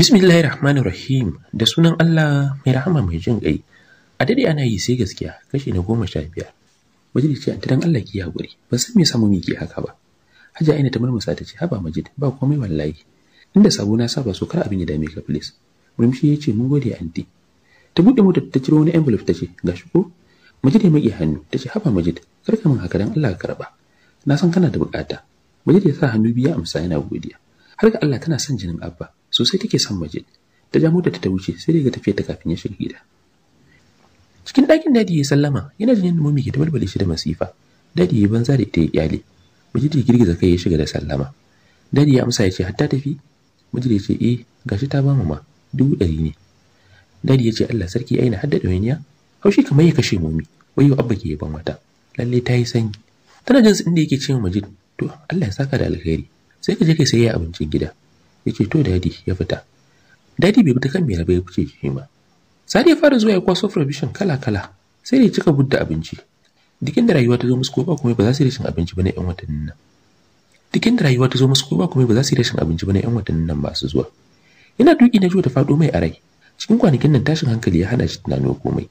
Bismillahir Rahmanir Rahim da sunan Allah mai rahama mai jin kai A dade ana yi sai gaskiya kashi na goma sha biyar. Majid ce an dan Allah ki haƙuri, Ban san me yasa miki haka ba. Hajiya Aina ta murmusa ta ce haba Majid ba komai wallahi. Inda sabo na saba so kar abin ya dame ka please. Murmushi ya ce mun gode anti. Ta buɗe motar ta ciro wani envelope ta ce gashi ko Majid ya miƙe hannu ta ce haba Majid kar ka min haka dan Allah ka raba." Na san kana da bukata. Majid ya sa hannu biya amsa yana godiya. Har ga Allah tana son jinin Abba. sosai take son majid ta ja mota ta wuce sai daga tafiya ta kafin ya shiga gida cikin ɗakin dadi ya sallama yana jin yadda mummy ke balbale shi da masifa dadi ya banza da ita ya kyale mijiji ya girgiza kai ya shiga da sallama dadi ya amsa ya ce hatta tafi mijiji ya ce eh gashi ta ba ma dubu ɗari ne dadi ya ce Allah sarki aina hadda ɗawainiya haushi kamar ya kashe mummy wayo abba ke yaban wata lalle ta yi sanyi tana jin inda yake cewa majid to Allah ya saka da alkhairi sai ka je kai sai abincin gida ya ce to dadi ya fita dadi bai fita kan mera ba ya fice shi ma sai ya fara zuwa ya kwaso provision kala kala sai da ya cika budda abinci dikin da rayuwa ta zo musu ko ba kuma ba za su rashin abinci bane watannin nan dikin da rayuwa ta zo musu ko ba kuma ba za su rashin abinci bane na yan watannin nan masu zuwa yana duki na jiwa ta fado mai a cikin kwanakin nan tashin hankali ya hana shi tunanin komai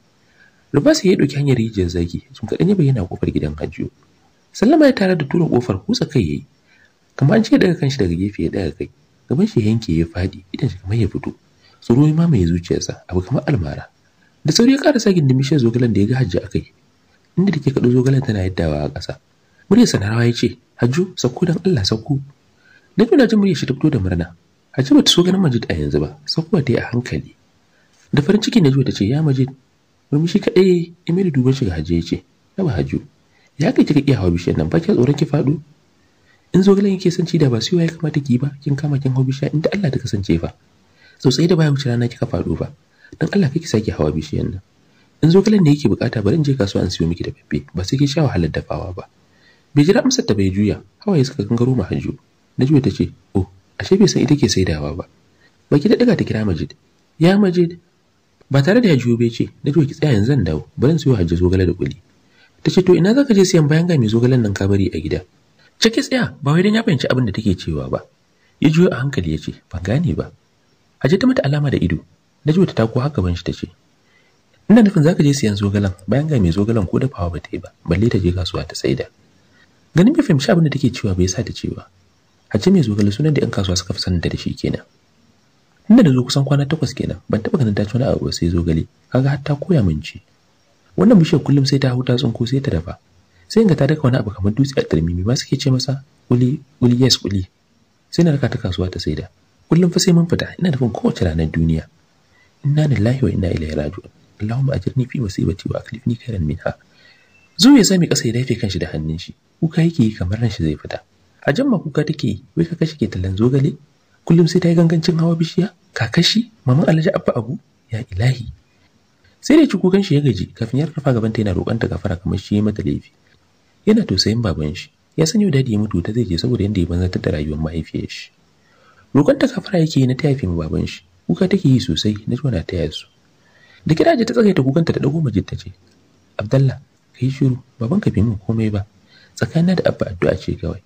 Rubasa ya ɗauki hanyar rijiyar zaki sun kaɗan ya bayyana kofar gidan Hajiyo. Sallama ya tare da tura kofar kusa kai yayi. Kamar an ce daga kanshi daga gefe ya daga kai. gaban shi yanke ya fadi idan shi kamar ya fito tsoro ya mamaye zuciyarsa abu kamar almara da sauri ya ƙara sakin da bishiyar zogalen da ya ga hajji a kai inda da ke kaɗo zogalen tana yaddawa a ƙasa muryarsa na rawa ya ce hajju sauko don allah sauko na tuna jin murya shi ta fito da murna hajji ba ta so ganin majid a yanzu ba saukowa ta yi a hankali da farin ciki na juwa ta ce ya majid murmushi kaɗai ya mai da duban shiga hajji ya ce yaba hajju ya kai kika iya hawa bishiyar nan ba ki tsoron ki faɗo in zogalen yake sanci ci da ba siyo ya kamata ki ba kin kama kin hau bishiya inda Allah ta kasance fa sai da baya wuce rana kika faɗo ba dan Allah kake sake hawa bishiyan nan in zogalen ne yake bukata bari in je kasuwa in siyo miki da ba sai ki sha wahalar dafawa ba bai jira amsar ta bai juya ya suka gangaro ma hajjo najwa ta ce oh ashe bai san ita ke saidawa ba baki da daga ta kira majid ya majid ba tare da ya bai ce najwa ki tsaya yanzu dawo bari in siyo hajju zogale da kuli ta ce to ina zaka je siyan bayan ga mai zogalen nan ka bari a gida Cikin tsaya ba wai dan ya fahimci abin da take cewa ba. Ya juyo a hankali ya ce, "Ban gane ba." Aje ta mata alama da ido. Na ji wata haka ban shi ta ce, "Ina nufin zaka je siyan zogalan, bayan ga mai zogalan ko dafawa ba ta yi ba, balle ta je kasuwa ta saida." Ganin bai fahimci abin da take cewa bai sa ta cewa. Haje mai zogale sunan da 'yan kasuwa suka fi sanin da shi kenan. Ina da zo kusan kwana takwas kenan, ban taɓa ganin ta ci wani abu sai zogale, kaga har ta koya min ci. Wannan bishiyar kullum sai ta hau ta tsinko sai ta dafa, sai ga ta daka wani abu kamar dutse a mai ba ke ce masa uli uli yes kuli sai na raka ta kasuwa ta saida kullum fa sai mun fita ina nufin kowace ranar duniya inna ina wa inna ilaihi raji'un Allahumma ajirni fi musibati wa aklifni khairan minha zuwa ya sami kasa ya dafe kanshi da hannun shi kuka yake yi kamar ran shi zai fita a jamma kuka take yi wai ka kashe ke tallan zogale kullum sai ta yi gangancin hawa bishiya kakashi maman alhaji abba abu ya ilahi sai da ci kukan shi ya gaji kafin ya rarrafa gaban ta yana roƙon ta gafara kamar shi ya mata laifi yana tausayin baban shi ya san yau dadi ya mutu ta zai je saboda yanda ya banzatar da rayuwar mahaifiyar shi rokon ta kafara yake na taya mu baban shi kuka take yi sosai na ji na taya su da kiraje ta ta kukanta ta dago majid ta ce abdallah yi shiru baban ka min komai ba tsakanin da abba addu'a ce kawai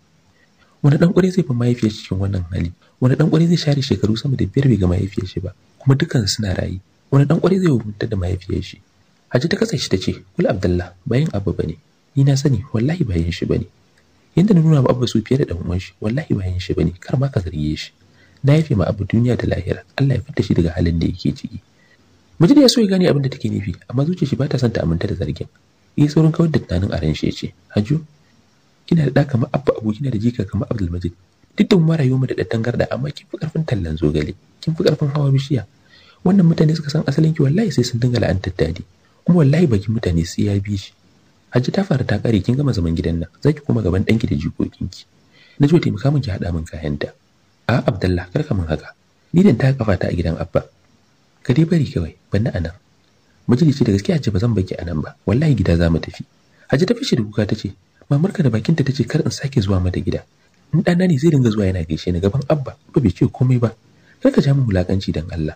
wani dan ƙure zai fi mahaifiyar cikin wannan hali wani dan ƙure zai share shekaru sama da biyar bai ga mahaifiyar shi ba kuma dukkan suna rayu wani dan ƙure zai hukunta da mahaifiyar shi Haji ta katse ta ce, Kul Abdullah bayan abu ba ne, ni na sani wallahi ba yin shi bane yanda na nuna ma abba su fiye da dan uwan shi wallahi ba yin shi bane kar ma ka zarge shi na yafe ma abu duniya da lahira Allah ya fitta shi daga halin da yake ciki Majid ya so ya gane abin da take nufi amma zuciya shi ba ta son ta aminta da zargin yi saurin kawar da tunanin a ran shi ya ce Haju Kina da da kamar abba abu. Kina da jika kamar Abdul Majid duk da mu rayuwar mu da daddan garda amma kin fi karfin tallan zogale kin fi karfin hawa bishiya wannan mutane suka san asalin ki wallahi sai sun dinga la'antar dadi kuma wallahi bakin mutane sai ya bi shi Hajji ta fara ta kare kin gama zaman gidan nan zaki kuma gaban danki da jikokin ki? na jiwa taimaka min ki hada min kayanta a Abdullahi, kar ka min haka ni dan ta kafa ta a gidan Abba ka dai bari kawai banna anan mujiri ce da gaskiya ce ba zan baki anan ba wallahi gida za mu tafi Haji ta fishe da kuka tace mamarka da ta tace kar in sake zuwa mata gida in dana ne zai dinga zuwa yana gaishe ni gaban Abba ba bai ce komai ba kar ka ja min wulakanci dan Allah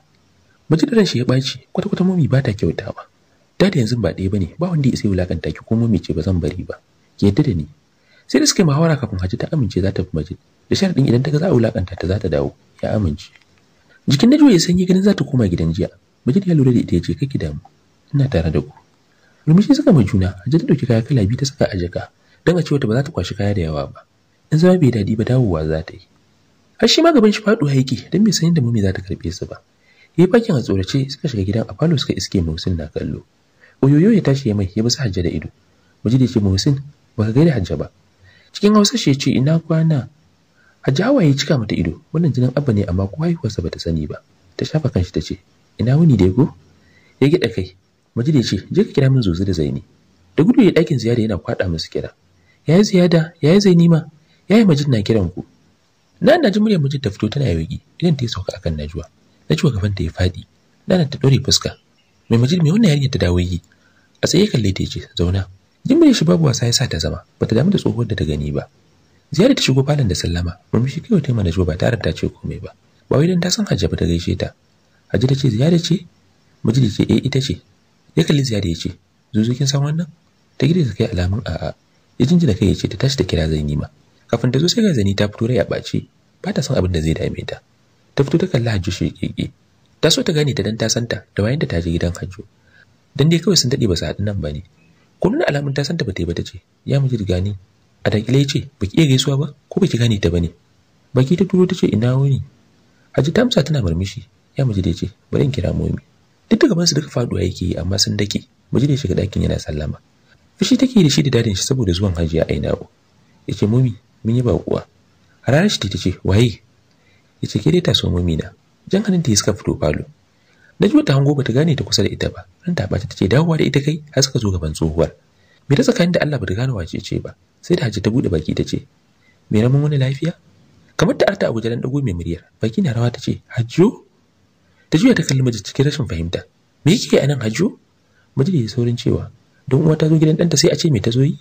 mujiri shi ya baci kwata-kwata mami ba ta kyautawa da da yanzu ba ɗaya ba ne, ba wanda ya sai ki kuma mece ba zan bari ba ki yadda da ni sai da suka yi muhawara kafin Hajji ta amince za ta fi Majid da ɗin idan ta ga za a wulaƙanta ta za ta dawo ya amince jikin Najwa ya sanyi ganin za ta koma gidan jiya Majid ya lura da ita ya ce kake damu ina tare da ku Rumishi suka ma juna Hajji ta ɗauki kaya kala biyu ta saka a jaka don a ce wata ba za ta kwashi kaya da yawa ba in zama bai daɗi ba dawowa za ta yi har shi ma gaban shi faɗuwa yake don bai san yadda mummy za ta karɓe su ba yi fakin a tsorace suka shiga gidan a falo suka iske Musin na kallo oyoyo ya tashi ya mai ya bisa hajja da ido mujid da ce muhsin ka gaida hajja ba cikin hausa shi ya ce ina kwana hajja hawa ya cika mata ido wannan jinin abba ne amma ko haihuwarsa bata sani ba ta shafa kanshi ta ce ina wuni da yago ya gida kai mujid da ce je ka kira min zuzu da zaini da gudu ya dakin ziyara yana kwada musu kira yayi ziyada yayi zaini ma yayi majid na kiran ku na na ji muryar mijin ta fito tana yauki idan ta yi sauka akan najuwa najuwa gaban ta ya fadi na ta dore fuska mai majid mai wannan yarinyar ta dawo yi a tsaye kalle ta ce zauna bai shi babu wasa ya sa ta zama Ba ta damu da tsohuwar da ta gani ba ziyara ta shigo falon da sallama murmushi kai ta mana ba tare da ta ce komai ba ba wai dan ta san hajjaba ta gaishe ta hajji ta ce ziyara ce majid ce eh ita ce ya kalli ziyara ya ce zuzu kin san wannan ta gida ta kai alamun a'a ya jinjina kai ya ce ta tashi ta kira zan yi ma kafin ta zo sai ga zani ta fito rai a ɓace ba ta san abin da zai dame ta ta fito ta kalli hajji shi keke ta so ta gane ta dan ta santa da wayan da ta je gidan hajjo dan dai kawai sun dade ba su hadin nan bane ko nuna alamun ta santa ba ta yi ba ta ce ya miji da gani a dakile ce baki iya gaisuwa ba ko baki gane ta bane baki ta turo ta ce ina wuni Haji ta amsa tana murmushi ya miji da ce bari in kira momi duk da gaban su duka faduwa yake yi amma sun dake miji da shiga dakin yana sallama fushi take da shi da dadin shi saboda zuwan hajiya aina'u yace momi mun yi bakuwa. hararar shi ta ce waye yace ke dai ta so momi na jan hannunta ya suka fito falo Najma ta hango bata gane ta kusa da ita ba ran ta bata tace dawowa da ita kai har suka zo gaban tsohuwar me ta tsakanin da Allah bata gane wace ce ba sai da Hajji ta bude baki ta ce. me ramin wani lafiya kamar ta arta a dan dago mai muryar baki na rawa ta ce, Hajjo ta juya ta kalli miji cikin rashin fahimta me yake a nan Hajjo miji ya saurin cewa don uwa ta zo gidan danta sai a ce me ta zo yi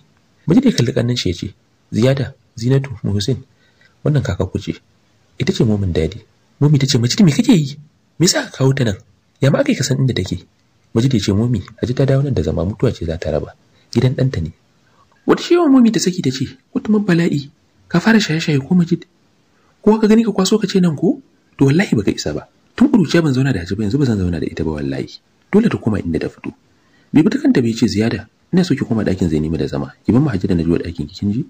miji ya kalli kannan shi ya ce ziyada zinatu muhsin wannan kaka ku ce ita ce momin dadi Momi ta ce me kake yi? Me yasa ka kawo ta nan? Ya ma kai ka san inda take? Majidi ya ce Momi aji ta dawo nan da zama mutuwa ce za ta raba. Gidan ɗanta ne. Wata shewa Momi ta saki ta ce wata man bala'i ka fara shaye-shaye ko Majid? Kowa ka gani ka kwaso ka ce nan ko? To wallahi baka isa ba. Tun kuruciya ban zauna da Hajiba yanzu ba zan zauna da ita ba wallahi. Dole ta koma inda ta fito. bi ta kanta bai ce ziyada ina so ki koma ɗakin zai nemi da zama. Ki bar mu na da wa ɗakin ki kin ji?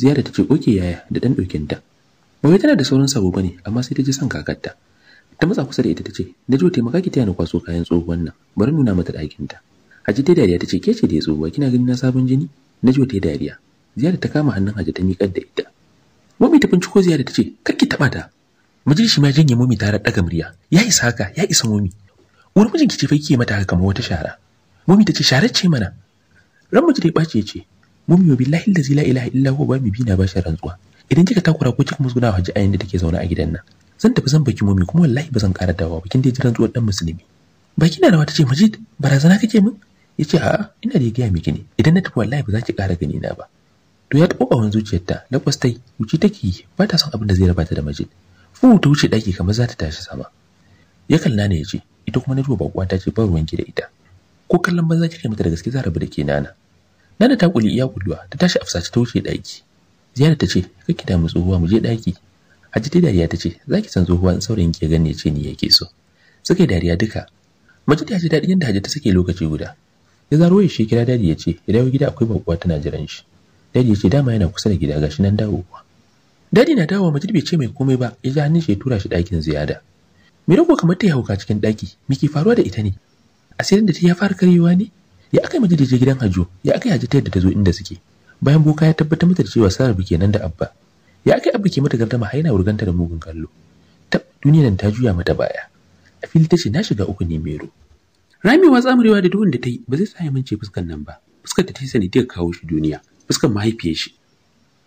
Ziyada ta ce oke yaya da dan ɗaukin ta. ba tana da saurin sabo bane amma sai ta ji son kakarta ta matsa kusa da ita ta ce da jiwo taimaka ki taya ni kwaso kayan tsohuwan nan bari nuna mata ɗakin ta haji ta dariya ta ce ke ce da ya tsohuwa kina gani na sabon jini na jiwo ta dariya Ziyada ta kama hannun haji ta miƙar da ita mami ta binciko ziyada ta ce kar ki taɓa ta majalishi ma janye mami tare ɗaga murya ya isa haka ya isa mami wani ki ce fa kike mata haka kamar wata shara mami ta ce sharar ce mana ran mace ta yi ce mami wa billahi la ilaha illa huwa ba mu bina ba shi rantsuwa idan kika takura ko kika musguna haji a da take zauna a gidan nan zan tafi zan baki momi kuma wallahi ba zan ƙara dawowa ba kin dai jiran tsohon dan musulmi baki na rawa tace Majid barazana kake min yace a ina da gaya miki ne idan na tafi wallahi ba za ki ƙara gani na ba to ya kawan ɓawon zuciyarta lakwas tai wuce take ba ta son abin da zai raba ta da Majid fu ta wuce ɗaki kamar za ta tashi sama ya kalla ne yace ita kuma Najwa bakwa ta ce ba ruwan ki da ita ko kallon banza kike mata da gaske za rabu da ke nana nana ta kuli iya kulluwa ta tashi afsace ta wuce ɗaki Ziyara ta ce, "Kake da mu tsohuwa mu je daki Hajji ta dariya ta ce, "Za ki san tsohuwa in saurayin ki gane ce ni yake so." Suka yi dariya duka. Mace ta ji daɗin yadda Hajji ta sake lokaci guda. Ya zaro ya shi kira dadi ya ce, "Ya dawo gida akwai babuwa tana jiran shi." Dadi ya ce, "Dama yana kusa da gida gashi nan kuwa Dadi na dawo Majid bai ce mai komai ba, ya ji hannun shi ya tura shi ɗakin ziyada. me ko kamar ta yi hauka cikin ɗaki, miki faruwa da ita ne. Asirin da ta ya fara karyewa ne? Ya aka je gidan hajjo ya aka hajji ta yadda ta zo inda suke. bayan boka ya tabbatar mata da cewa sarar bike nan da abba ya kai abba ke mata gardama har yana wurganta da mugun kallo tab duniyar nan ta juya mata baya a fili ta ce na shiga uku ne mero rami wa tsamurewa da duhun da ta yi ba zai sa ya mance fuskan nan ba fuskar ta ta yi sanidiyar kawo shi duniya fuskar mahaifiyar shi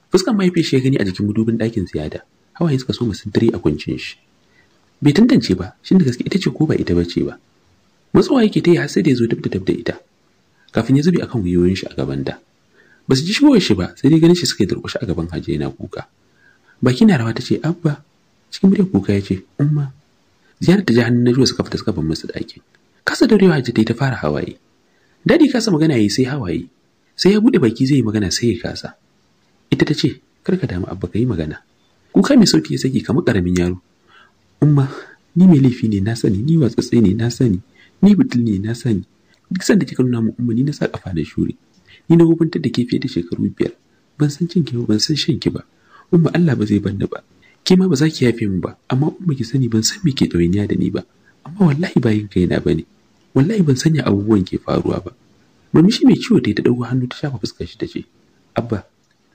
fuskar mahaifiyar shi ya gani a jikin mudubin ɗakin ziyada hawaye suka so dare a kuncin shi bai tantance ba shin da gaske ita ce ko ba ita bace ba matsuwa yake ta yi har sai da ya zo dab da ita kafin ya zube akan gwiwoyin shi a gabanta ba su ji shigowar shi ba sai dai ganin shi suka durƙushe a gaban hajiya yana kuka baki na rawa ta ce abba cikin muryar kuka ya ce umma ziyarar ta ji hannun najuwa suka fita suka bar musu ɗakin kasa da rewa ta yi ta fara hawaye dadi kasa magana ya yi sai hawaye sai ya buɗe baki zai yi magana sai ya kasa ita ta ce kar ka damu abba ka yi magana kuka mai sauki ya saki kamar ƙaramin yaro umma ni mai laifi ne na sani ni watsatsai ne na sani ni butul ne na sani duk sanda kika nuna mu umma ni na sa kafa na shuri ni na hukuntar da ke fiye da shekaru biyar ban san cin ki ban san shan ki ba umma Allah ba zai ban ni ba ke ma ba za ki yafe min ba amma umma ki sani ban san me ke ɗawainiya da ni ba amma wallahi bayan yana ba ne wallahi ban sanya abubuwan ke faruwa ba murmushi mai ciwo ta yi ta ɗauko hannu ta shafa fuskar shi ta ce abba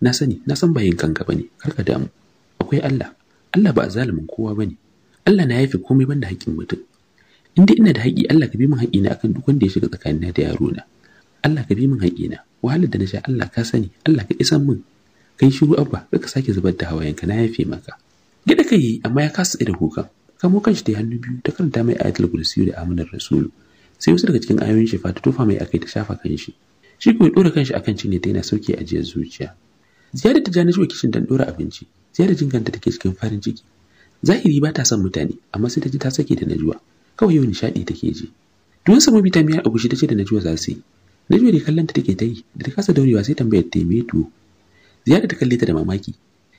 na sani na san bayan kanka bane kar ka damu akwai Allah Allah ba zalimin kowa ba ne. Allah na yafe komai banda haƙƙin mutum inda ina da haƙƙi Allah ka bi min na akan duk wanda ya shiga tsakanina da na Allah ka bi min na. wahalar da na sha Allah ka sani Allah ka isan min kai shiru abba ka sake zubar da hawayenka na yafe maka gida kai amma ya kasa da kuka kamo kanshi da hannu biyu ta karanta mai ayatul kursi da aminar rasulu sai wasu daga cikin ayoyin shifa ta tofa mai akai ta shafa kanshi shi kuma ya dora kanshi akan cinye ta yana sauke ajiyar zuciya ziyarar ta na zuwa kishin dan dora abinci ziyarar jin ta take cikin farin ciki zahiri ba ta son mutane amma sai ta ji ta sake da najuwa kawai yau nishaɗi take ji Duwan samu bitamin ya agushi ta ce da najuwa za su yi Najwa da kallon ta take ta yi, da ta kasa daurewa sai tambayar ta me tuwo. Ziyara ta kalle ta da mamaki.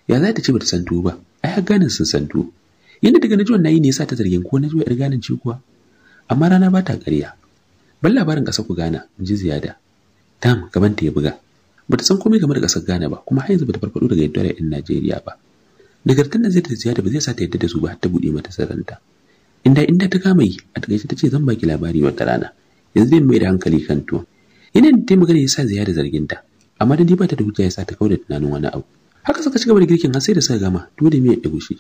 Ya za ta ce bata san tuwo ba? Ai har ganin sun san tuwo. Yanda daga Najwa na yi ne yasa ta zargin ko Najwa yar ganin ci kuwa. Amma rana ba ta ƙarya. Ban labarin ƙasar ku gana, in ji ziyada. Tam, gaban ta ya buga. Bata san komai game da ƙasar gana ba, kuma har yanzu bata farfaɗo daga yadda ɗin Najeriya ba. Nagartar da zai ta ziyada ba zai sa ta yadda da su ba har ta buɗe mata sarranta. Inda inda ta kama yi, a takaice ta ce zan baki labari wata rana. Yanzu zai mai da hankali kan tuwon. yanayin da ta magana ya sa ziyara zargin ta amma dan ba ta da hujja ya sa ta kauda tunanin wani abu haka suka cigaba da girkin har sai da suka gama dole miyar da gushi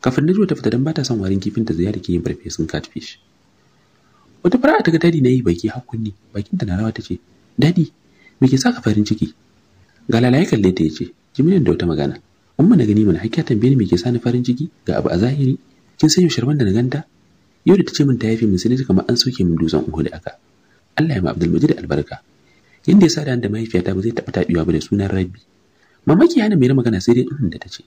kafin Najwa ta fita dan ba ta son warin kifin ta ziyara ke yin farfesun catfish wata fara ta ga dadi na baki har bakin ta na rawa ta ce dadi me ke saka farin ciki ga lalaye kalle ta yace jiminan da wata magana amma na gani mana hakka tambaye ni me ke sani farin ciki ga abu a zahiri kin san yau sharman da na ganta yau da ta ce min ta yafe min sai na kamar an soke min dusan uhu da aka Allah ya ma Abdulmajid albarka yanda ya sa da mahaifiyata ba zai taɓa taɓewa ba da sunan Rabi mamaki yana mai magana sai dai ɗin da ta ce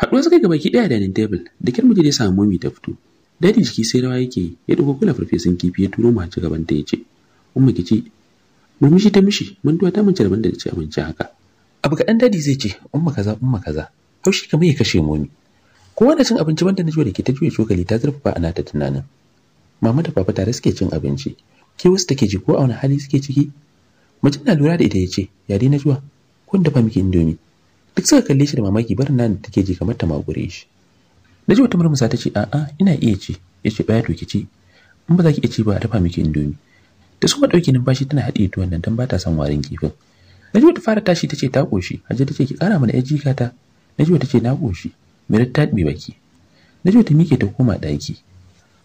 haɗuwa suka ga baki ɗaya dining table da kyar da ya samu momi ta fito dadi jiki sai rawa yake ya ɗauko kula farfesun kifi ya turo mace gaban ta ya ce umma ki ce murmushi ta mishi duwa ta mace banda da ta ce amince haka abu kaɗan dadi zai ce umma kaza umma kaza haushi kamar ya kashe momi kowa da cin abinci banda na jiwa da ke ta juya cokali ta zurfafa a nata tunanin mama da papa tare suke cin abinci ke wasu take ji ko a wani hali suke ciki mutum na lura da ita ya ce yare na juwa kun dafa miki indomi duk suka kalle shi da mamaki barin nan da take ji kamar ta magure shi na ji wata murmusa ta ce a'a ina iya ci ya ce baya to ci in ba za ki iya ci ba a dafa miki indomi da su ma ɗauki numfashi tana haɗe tuwon nan don ba ta son warin kifin Najwa ta fara tashi tace ta koshi. ta tace ki kara mana yar ta. Najwa tace na koshi. Mirat ta bi baki. Najwa ta mike ta koma ɗaki.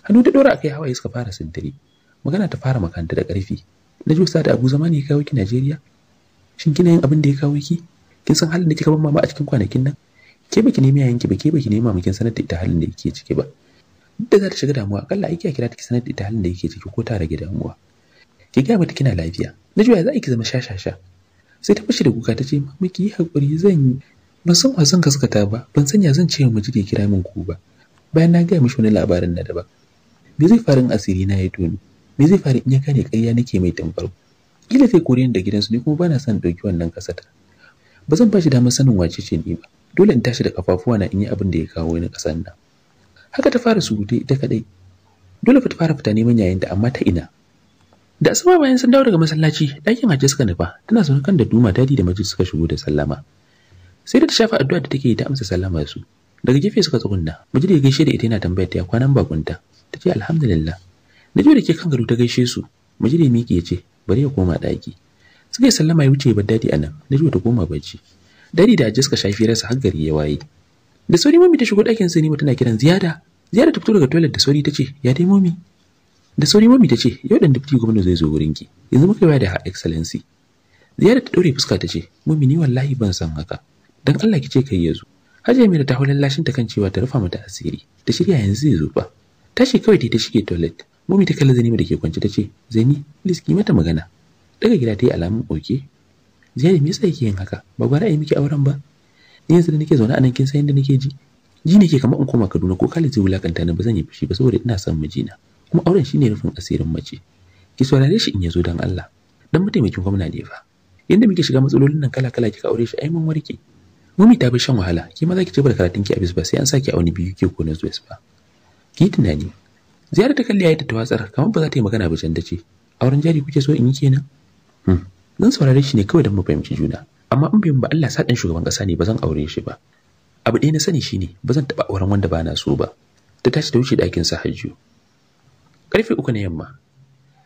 Hannu da dora akai hawaye suka fara sintiri. magana ta fara makanta da ƙarfi na jusa da abu zama ne ya kawo ki najeriya shin kina yin abin da ya kawo ki kin san halin da kika ban mama a cikin kwanakin nan ke baki nemi yayin ki ba ke baki nemi mama kin sanar da ita halin da yake ciki ba duk da za ta shiga damuwa akalla aiki a kira ta ki sanar da ita halin da yake ciki ko ta rage damuwa ki gaya mata kina lafiya na juya za ki zama shashasha sai ta fashe da kuka ta ce mama ki yi hakuri zan yi ban san wa zan gaskata ba ban sanya zan ce mu ji da kira min ku ba bayan na gaya mishi wani labarin na daban me zai farin asiri na ya tuni me zai faru in ya kare ƙarya nake mai tambaro? kila zai kore da gidansu ne kuma bana son dauki wannan kasata ba zan bashi damar sanin wace ce ni ba dole in tashi da kafafuwa na in yi abin da ya kawo ni ƙasar nan haka ta fara surutai ita kadai dole fa ta fara fita neman yayin da amma ta ina da asuba bayan sun dawo daga masallaci ɗakin hajji suka nufa tana zaune kan da duma dadi da majid suka shigo da sallama sai da ta shafa addu'a da take yi ta amsa sallama su daga gefe suka tsugunna majid ya gaishe da ita yana tambayar ta ya kwanan bakunta ta alhamdulillah na da ke kan gado ta gaishe su mujire miki ya ce bari ya koma ɗaki suka yi sallama ya wuce ba dadi a nan na ta koma bacci dadi da suka shafi rasa har gari ya waye da sauri mami ta shigo ɗakin sinima tana kiran ziyada ziyada ta fito daga toilet da sauri ta ce ya dai mami da sauri mami ta ce yau dan dafti gwamna zai zo wurin ki yanzu muka yi da her excellency ziyada ta ɗaure fuska ta ce mami ni wallahi ban san haka dan Allah ki ce kai ya zo hajiya mai ta hulan lashin ta kan cewa ta rufa mata asiri ta shirya yanzu zai zo fa tashi kawai ta shige toilet Mummy ta kalli Zainab da ke kwance ta ce, "Zaini, please ki mata magana." Daga gida ta yi alamun oke. Zainab me yasa yake yin haka? Ba gwara yi miki auren ba. Ni yanzu da nake zaune a nan kin san yadda nake ji. Ji ke kamar in koma Kaduna ko Khalid zai wulakanta ni ba zan yi fushi ba saboda ina son mijina. Kuma auren shine rufin asirin mace. Ki saurare shi in ya zo dan Allah. Dan mataimakin gwamna ne fa. Yanda muke shiga matsalolin nan kala-kala kika aure shi ai mun warke. Mummy ta bi shan wahala, ki ma za ki ci bar karatun ki a bis ba sai an saki a wani biyu ke ko na zuwa ba. Ki tunani, ziyarar ta kalli yi ta tawatsar kamar ba za ta yi magana ba can da ce auren jari kuke so in yi kenan hmm. zan saurare shi ne kawai don mu fahimci juna amma in bai ba Allah sa dan shugaban kasa ne ba zan aure shi ba abu ɗaya na sani shi ne. ba zan taɓa auren wanda ba na so ba ta tashi da wuce ɗakin sa hajju karfe uku na yamma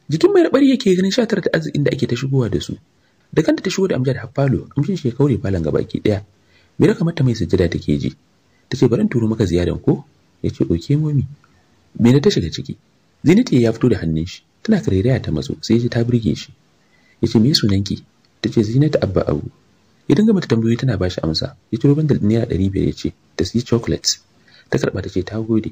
jikin mai rabari yake ganin sha tara ta arzikin da ake ta shigowa da su da kanta ta shigo da amjad haffalo amshin shi ya kaure falon gaba ki ɗaya mai kamar ta mai sujjada take ji ta ce bari in turo maka ziyaran ko ya ce oke momi Mene ta shiga ciki? Zinati ya fito da hannun shi, tana karairaya ta matso sai ya ta burge shi. yace ce me sunanki? Ta ce Zinatu Abba Abu. Ya dinga mata tambayoyi tana bashi amsa. Ya ci bandal ɗin naira ɗari biyar ya ce ta siyi chocolates. Ta karɓa ta ce ta gode.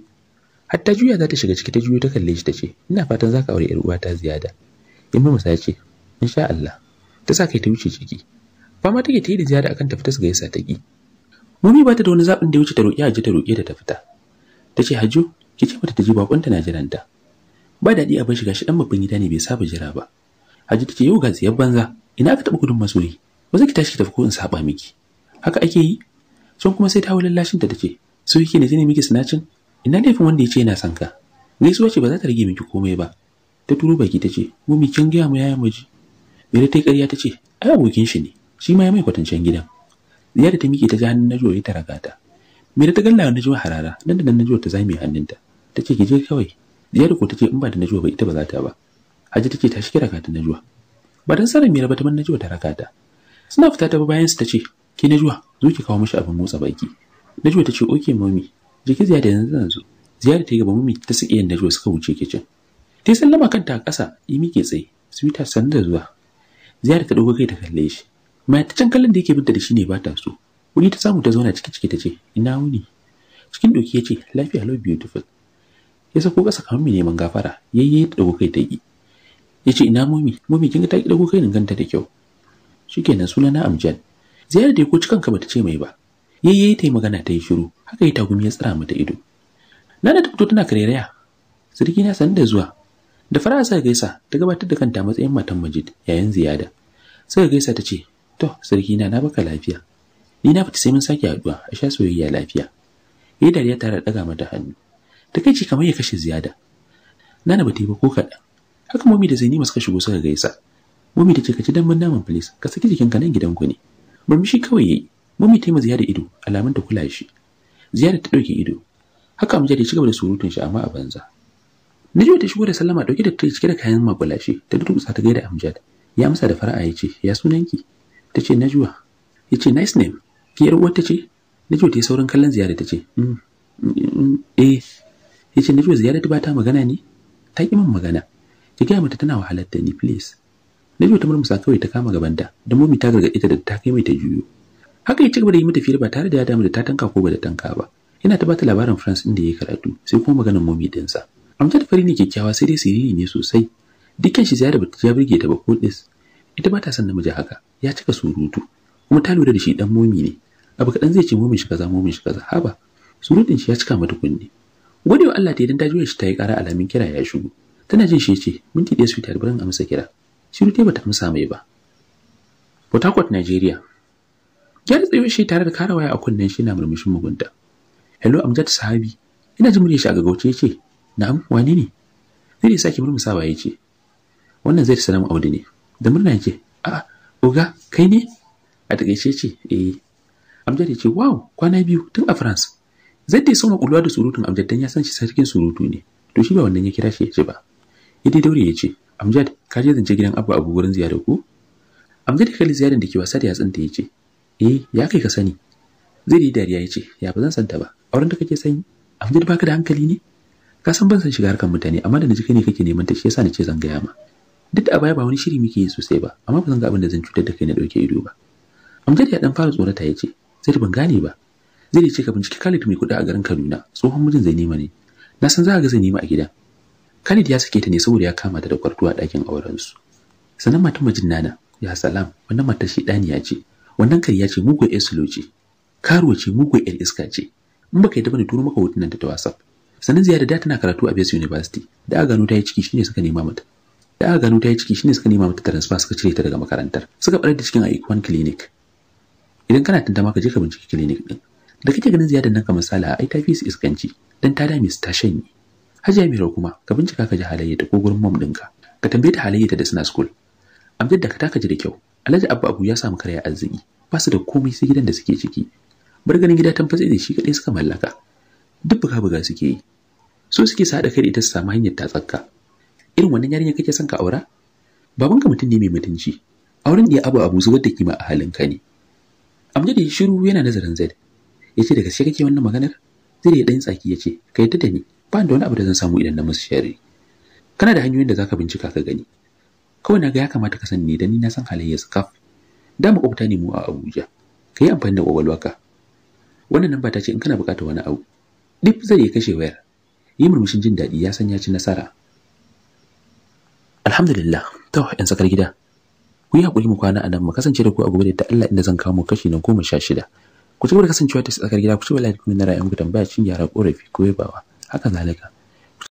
Hatta juya za ta shiga ciki ta juyo ta kalle shi ta ce ina fatan za ka aure ‘yar uwata ziyada. in ba ya ce insha Allah. Ta sa kai ta wuce ciki. Fama take ta yi da ziyada akan ta fita su yasa ta ki. Mumi ba ta da wani zaɓin da ya wuce ta roƙi ji ta roƙe ta ta fita. tace hajo ki ce mata ta ji bakonta na jiranta ba daɗi abin shiga shi dan babban gida ne bai saba jira ba Haji ta ce yau ga ziyar banza ina ka taba gudun masoyi ba za ki tashi ki tafi ko in saba miki haka ake yi sun kuma sai ta hau lallashin ta tace so yake ne jini miki sinacin ina laifin wanda yace ce yana son ka gaisuwa ce ba za ta rage miki komai ba ta turo baki ta ce Mu kin gaya mu yaya miji mere ta ƙarya ta ce ai abokin shi ne shi ma ya mai kwatancen gidan ziyara ta miki ta ji hannun na joye ta ragata me da ta galla na jiwa harara nan da nan na jiwa ta zame hannunta ta ce ki je kawai diyar ko ta ce in ba da na jiwa ba ita ba za ta ba ta ta na jiwa ba dan sarar mira ba ta man na jiwa ta raka ta suna fita ta bayan su ta ce ki na jiwa zo ki kawo mishi abin motsa baki na jiwa ta ce oke mami jiki ziyara yanzu zo. ziyara ta yi gaba mami ta sike yin na jiwa suka wuce kicin ta yi sallama kanta a ƙasa yi miƙe tsaye sweetheart sanar da zuwa ziyara ta ɗauko kai ta kalle shi mai ta can kallon da shi ne ba so wuri ta samu ta zauna ciki ciki ta ce ina wuni cikin doki ya ce lafiya lau beautiful ya sako ƙasa kamar mai neman gafara yayye ta dago kai ta yi ya ce ina momi momi kinga ta ta dago kai ganta da kyau shikenan suna na amjan ziyarar da ya ko cikan ka bata ce mai ba yayye ta yi magana ta yi shiru haka ya tagumi ya tsira mata ido nana ta fito tana karereya sarki na sanin da zuwa da fara sa gaisa ta gabatar da kanta matsayin matan majid yayin ziyada sai gaisa ta ce to sarki na na baka lafiya ni na fita sai mun sake haduwa a sha soyayya lafiya yayi dariya tare da daga mata hannu takeici kamar ya kashe ziyada nana bata yi ba ko kaɗan haka momi da zainima suka shigo suka gaisa momi ta ce ka ci dan naman please ka saki jikinka nan gidanku ne murmushi kawai yayi momi ta yi yada ido alamun ta kula shi ziyada ta ɗauke ido haka amjad ya cigaba da surutun shi amma a banza Najwa ta shigo da sallama dauke da ta cike da kayan makulashe ta kusa ta gaida Amjad ya amsa da fara'a yace ya sunanki tace Najwa yace nice name ki yar ta ce Najwa ta yi saurin kallon ziyara ta ce mm, mm, mm, eh yace Najwa ziyara ta ba magana ne ta ki min magana ki gaya mata tana wahalar da ni please Najwa ta murmusa kawai ta kama gabanta da momi ta gargaɗe ta da ta kai mai ta juyo haka ya ci gaba da yi mata fira ba tare da ya damu da ta tanka ko ba da tanka ba yana ta bata labarin France inda yake karatu sai kuma maganar momi amma ta fari ne kyakkyawa sai dai siriri ne sosai dukkan shi ziyara bata ja burge ta ba ko dis ita ba ta son namiji haka ya cika surutu kuma ta lura da shi dan momi ne abu kaɗan zai ce mumin shi kaza mumin shi kaza haba surutun shi ya cika mata kunne gode wa Allah ta idan ta juya shi ta yi ƙara alamin kira ya shigo tana jin shi ya ce minti ɗaya su bari a amsa kira shiru ta bata amsa mai ba Port Harcourt Nigeria ya tsaye shi tare da kara waya a kunnen shi na murmushin mugunta hello amjad sahabi ina jin muryar shi a gaggauce ya ce na'am wani ne zai sake murmusawa ya ce wannan zai ta salamu audu ne da murna ya ce a'a oga kai ne a takaice ce eh Amjad ya ce wow kwana biyu tun a France. Zai dai soma kulluwa da surutun Amjad dan ya san shi sarkin surutu ne. To shi ba wannan ya kira shi ya ce ba. Ya dai daure ya ce Amjad ka je zance gidan Abba Abu wurin ziyara ko? Amjad ya kalli ziyarar da ke wasa da yatsun ya ce eh ya kai ka sani. Zai dai dariya ya ce ya ba zan santa ba auren da kake sanyi Amjad baka da hankali ne? Ka san ban san shiga harkar mutane amma da naji kai ne kake neman ta shi yasa nace zan gaya ma. Duk da a baya ba wani shiri muke yi sosai ba amma ba zan ga abin da zan cutar da kai na dauke ido ba. Amjad ya dan fara tsorata ya ce sai ban gane ba zai da ce ka binciki Khalid mai kuɗi a garin Kaduna tsohon mijin zai ne na san za ka ga zai nema a gida Khalid ya sake ta ne saboda ya kama ta da kwartuwa a ɗakin auren su sannan matan mijin nana ya salam wannan matar shi ya ce wannan kai ya ce mugu ya sulo karuwa ce mugo ya iska ce in baka yi ta bane turo maka hotunan ta ta WhatsApp sannan ziyarar da tana karatu a BES University da aka gano ta yi ciki shine suka nema mata da aka gano ta yi ciki shine suka nema mata transfer suka cire ta daga makarantar suka bar da cikin a Clinic idan kana tantama ka je ka binciki clinic din da kake ganin ziyadar nan ka misala, ai ta fi su iskanci dan ta dame su ta shanye hajiya mira kuma ka bincika ka ji halayyata ko gurin mom ɗinka ka tambaye ta halayyata da suna school amjad da ka taka ji da kyau alhaji abba abu ya samu karya arziki ba su da komai sai gidan da suke ciki bar gida tan fatsi da shi kadai suka mallaka duk buga buga suke yi so suke sa da kai ita su samu hanyar ta tsakka irin wannan yarinya kake son ka aura babanka mutum ne mai mutunci auren ya abu abu zubar da kima a halin ka ne amma ya shiru yana nazarin Zaid. Ya ce daga gaske kake wannan maganar? Zaid ya dan tsaki ya ce ka yadda da ni ba da wani abu da zan samu idan na musu share Kana da hanyoyin da zaka bincika ka gani. Kawai naga ya kamata ka sani dan ni na san halayyar su kaf. Da makwabta ne mu a Abuja. kai yi amfani da kwakwalwarka. Wannan namba ta ce in kana buƙatar wani abu. Dip zai ya kashe wayar. Yi murmushin jin daɗi ya san ya ci nasara. Alhamdulillah, to ‘yan tsakar gida, ku yi haƙuri mu kwana a nan mu kasance da ku a gobe da Allah inda zan kawo kashi na goma sha shida ku ci gaba da kasancewa ta tsakar gida ku ci gaba da kuma na ra'ayin ku tambaya cin yara ƙorafi ko yabawa haka zalika